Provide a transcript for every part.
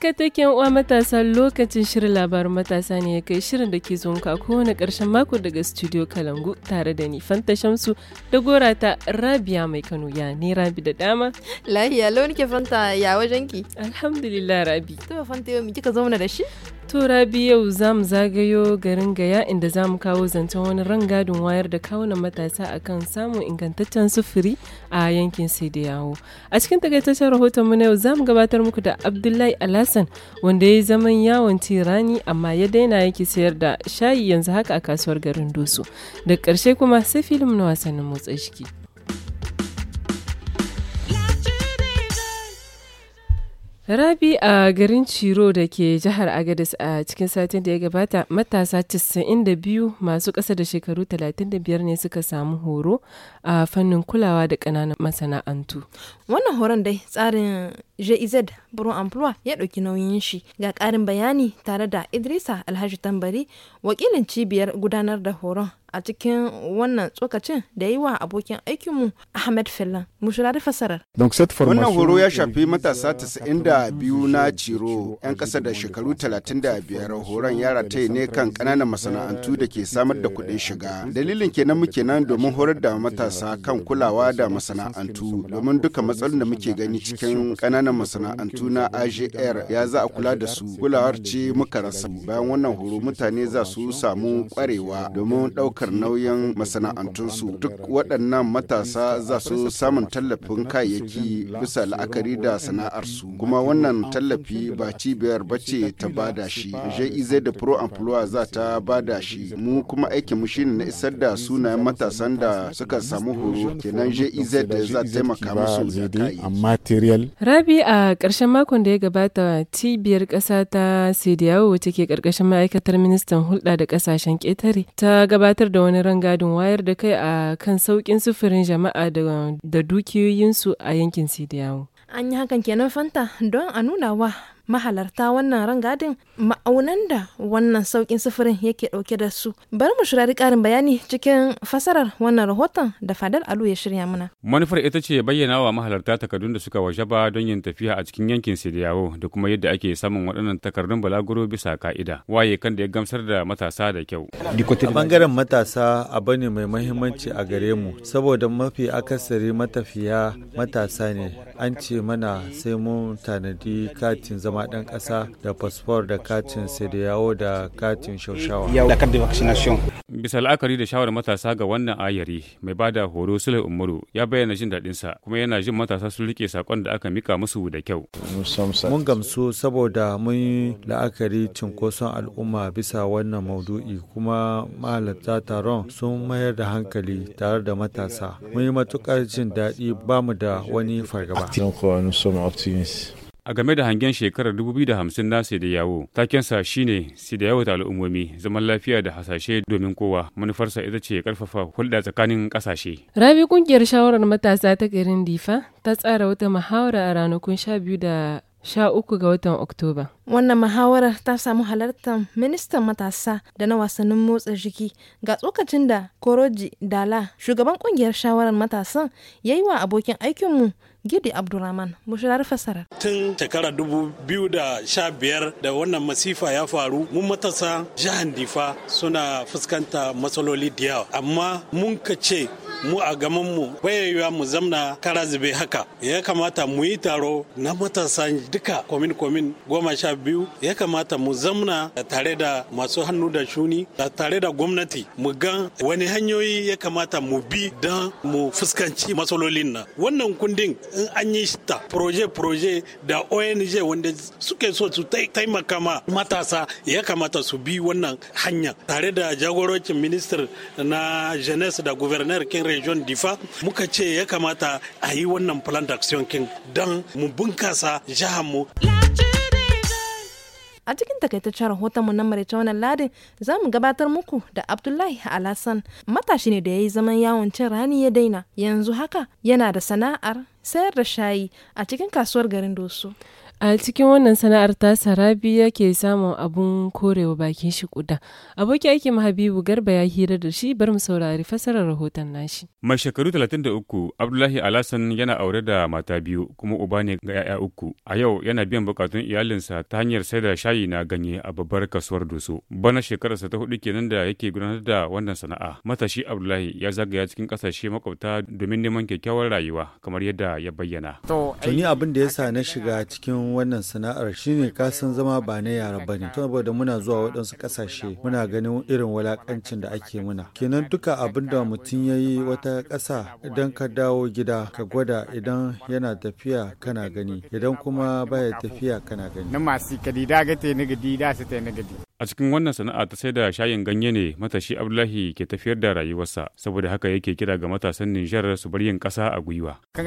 Kataken uwa matasa lokacin shirin labarin matasa ne ya kai shirin da ke zonka kowane ƙarshen mako daga studio Kalangu tare da ni Fanta Shamsu da gora Rabia mai Kano ya ne Rabi da dama. Lahiya lau Fanta ya wajen ki. Alhamdulillah Rabi. Tuba Fanta yau kika zauna da shi? To Rabi yau za mu zagayo garin Gaya inda za mu kawo zancen wani rangadin wayar da kawunan matasa akan samun ingantaccen sufuri a yankin yawo A cikin takaitaccen rahoton mu na yau za mu gabatar muku da Abdullahi Alhassan wanda ya yi zaman yawon tirani amma ya daina yake sayar da shayi yanzu haka a kasuwar garin Doso. Da karshe kuma sai filim na wasannin motsa jiki. Rabi a garin Ciro da ke jihar agadis a cikin satin da ya gabata matasa biyu masu ƙasa da shekaru 35 ne suka samu horo a fannin kulawa da ƙananan masana'antu. Wannan horon dai tsarin JIZ e Buron Amplua ya ɗauki nauyin shi ga ƙarin bayani tare da Idrisa Alhaji Tambari wakilin cibiyar gudanar da horon a cikin wannan tsokacin da yi wa abokin aikinmu Ahmed Fellan. Mu shirari fasarar. Wannan horo ya shafi matasa 92 na Ciro 'yan ƙasa da shekaru 35 horon yara ta ne kan ƙananan masana'antu da ke samar da kuɗin shiga. Dalilin kenan muke nan domin horar da matasa kan kulawa da masana'antu domin duka matsalolin da muke gani cikin ƙananan masana'antu na AJR ya za a kula da su. Kulawar ce muka rasa. Bayan wannan horo mutane za su samu kwarewa domin ɗaukar ɗaukar nauyin masana'antunsu duk waɗannan matasa za su samun tallafin kayayyaki bisa la'akari da sana'arsu kuma wannan tallafi ba cibiyar bace ta bada shi jiz e da pro emploi za ta bada shi mu kuma aikin mu shine na isar da sunayen matasan da suka samu horo kenan jiz e da za ta taimaka musu rabi a ƙarshen makon da ya gabata cibiyar kasa ta cdao wacce ke ƙarƙashin ma'aikatar ministan hulɗa da ƙasashen ƙetare ta gabatar da wani rangadin wayar da kai a kan sauƙin sufurin jama'a da dukiyoyinsu a yankin Sidiyawu. An yi hakan kenan fanta don a nuna wa mahalarta wannan rangadin ma'aunan da wannan saukin sufurin yake dauke da su bari mu shirari karin bayani cikin fasarar wannan rahoton da fadar alu ya shirya muna manufar ita ce bayyana wa mahalarta takardun da suka waje ba don yin tafiya a cikin yankin sidiyawo da kuma yadda ake samun waɗannan takardun balaguro bisa ka'ida waye kan da ya gamsar da matasa da kyau a bangaren matasa abu ne mai mahimmanci a gare mu saboda mafi akasari matafiya matasa ne an ce mana sai mun tanadi katin zama kama ɗan ƙasa da fasfor da katin sediyawo da katin shaushawa. Bisa la'akari da shawarar matasa ga wannan ayari mai ba da horo Sule Umaru ya bayyana jin daɗinsa kuma yana jin matasa sun rike sakon da aka mika musu da kyau. Mun gamsu saboda mun yi la'akari cinkoson al'umma bisa wannan maudu'i kuma mahalarta taron sun mayar da hankali tare da matasa. Mun yi matuƙar jin daɗi ba mu da wani fargaba. Euh, a game da hangen shekarar 2050 da yawo takensa shine yawo ta al'ummomi zaman lafiya da hasashe domin kowa manufarsa ita ce karfafa hulɗa tsakanin ƙasashe rabi kungiyar shawarar matasa ta garin difa ta tsara wata muhawara a ranakun 12 da sha uku ga watan Oktoba. Wannan muhawarar ta samu halartar ministan matasa da na wasannin motsa jiki ga tsokacin da Koroji Dala, shugaban kungiyar shawarar matasan, ya yi wa abokin aikinmu Gidi Abdulrahman mushirar fasara. Tun shekara dubu biyu da sha biyar da wannan masifa ya faru mun matasa jihar Difa suna fuskanta matsaloli da yawa amma mun ka ce mu a gaman mu bayayya mu zamna kara zube haka ya kamata mu yi taro na matasa duka komin komin goma sha biyu ya kamata mu zamna tare da masu hannu da shuni tare da gwamnati mu gan wani hanyoyi ya kamata mu bi don mu fuskanci matsalolin nan wannan kundin in an yi ta proje-proje da ONG wanda suke so su taimaka ma matasa ya kamata su bi wannan hanya tare da jagorocin minister na jenes da gouverneur kin region difa muka ce ya kamata a yi wannan plan d'action kin don mu bunkasa jihar mu. a cikin takaitaccen rahoton mu na maraice wannan ladin za mu gabatar muku da abdullahi alasan matashi ne da ya yi zaman yawon cin rani ya daina yanzu haka yana da sana'ar sayar da shayi a cikin kasuwar garin doso A cikin wannan sana'ar ta Rabi yake samun abun korewa bakin shi kuda. Aboki aikin Habibu Garba ya hira da shi bar mu saurari fasarar rahoton nashi. Mai shekaru 33 Abdullahi Alasan yana aure da mata biyu kuma uba ne ga 'ya'ya uku. A yau yana biyan bukatun iyalinsa ta hanyar sai da shayi na ganye a babbar kasuwar Doso. Bana shekararsa ta hudu kenan da yake gudanar da wannan sana'a. Matashi Abdullahi ya zagaya cikin kasashe makwabta domin neman kyakkyawar rayuwa kamar yadda ya bayyana. To abin da yasa na shiga cikin cikin wannan sana'ar shine kasan zama ba na yara bane saboda muna zuwa waɗansu kasashe muna ganin irin walakancin da ake muna kenan duka abin da mutum ya yi wata ƙasa idan ka dawo gida ka gwada idan yana tafiya kana gani idan kuma baya tafiya kana gani na masu kadi da ga te na gadi da su te na gadi A cikin wannan sana'a ta sai da shayin ganye ne matashi Abdullahi ke tafiyar da rayuwarsa saboda haka yake kira ga matasan Nijar su bar yin ƙasa a gwiwa. Da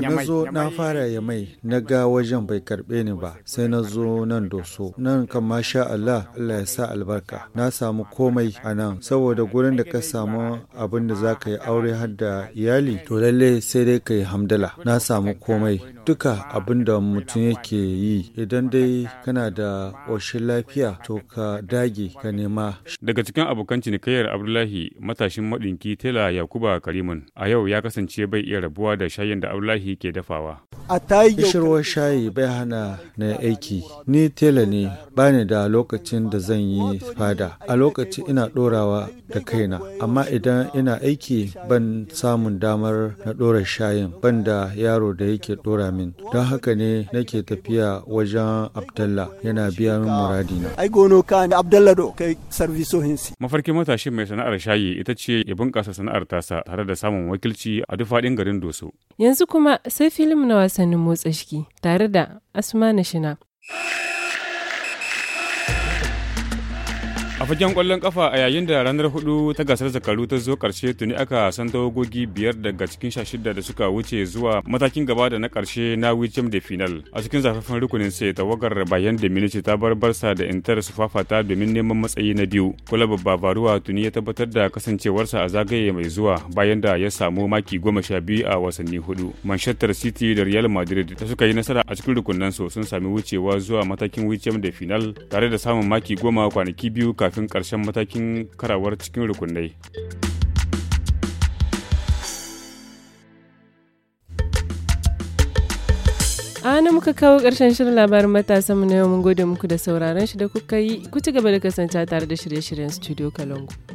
na zo na fara ya mai na ga wajen bai karɓe ni ba sai na zo nan doso nan kan masha Allah Allah ya sa albarka na samu komai a nan saboda gurin da ka samu abin da za ka yi aure har da iyali to lalle sai dai ka yi hamdala na samu komai duka abin da mutum yake yi idan dai kana da ƙoshin lafiya iya to ka dage ka nema. Daga cikin abokan cinikayyar Abdullahi matashin maɗinki Tela Yakuba Karimun a yau ya kasance bai iya rabuwa da shayin da Abdullahi ke dafawa. a Kishirwar shayi bai hana na aiki. Ni tela ne ba ni da lokacin da zan yi fada. A lokaci ina dorawa da kaina. Amma idan ina aiki ban samun damar na dora shayin ban da yaro da yake ɗora min. Don haka ne nake tafiya wajen Abdallah yana biya min muradina. Ai gono ka abdalla do kai sarviso hinsi. Mafarkin matashi mai sana'ar shayi ita ce ya bunƙasa sana'ar tasa tare da samun wakilci a duk faɗin garin Doso. Yanzu kuma sai filim na wasannin motsa jiki tare da Asma na a fagen kwallon kafa a yayin da ranar hudu ta gasar zakaru ta zo karshe tuni aka san tawagogi biyar daga cikin sha shida da suka wuce zuwa matakin gaba da na karshe na wicem da final a cikin zafafan rukunin sai tawagar bayan da minici ta bar barsa da intar su fafata domin neman matsayi na biyu kulab babaruwa tuni ya tabbatar da kasancewarsa a zagaye mai zuwa bayan da ya samu maki goma sha biyu a wasanni hudu manchester city da real madrid da suka yi nasara a cikin rukunan sun sami wucewa zuwa matakin wicem da final tare da samun maki goma kwanaki biyu kafin kafin ƙarshen matakin karawar cikin rukunai. a wani muka kawo ƙarshen shirin labarin matasanmu na yau mun gode muku da sauraron shi da kuka yi ku ci gaba da kasance tare da shirye-shiryen studio kalangu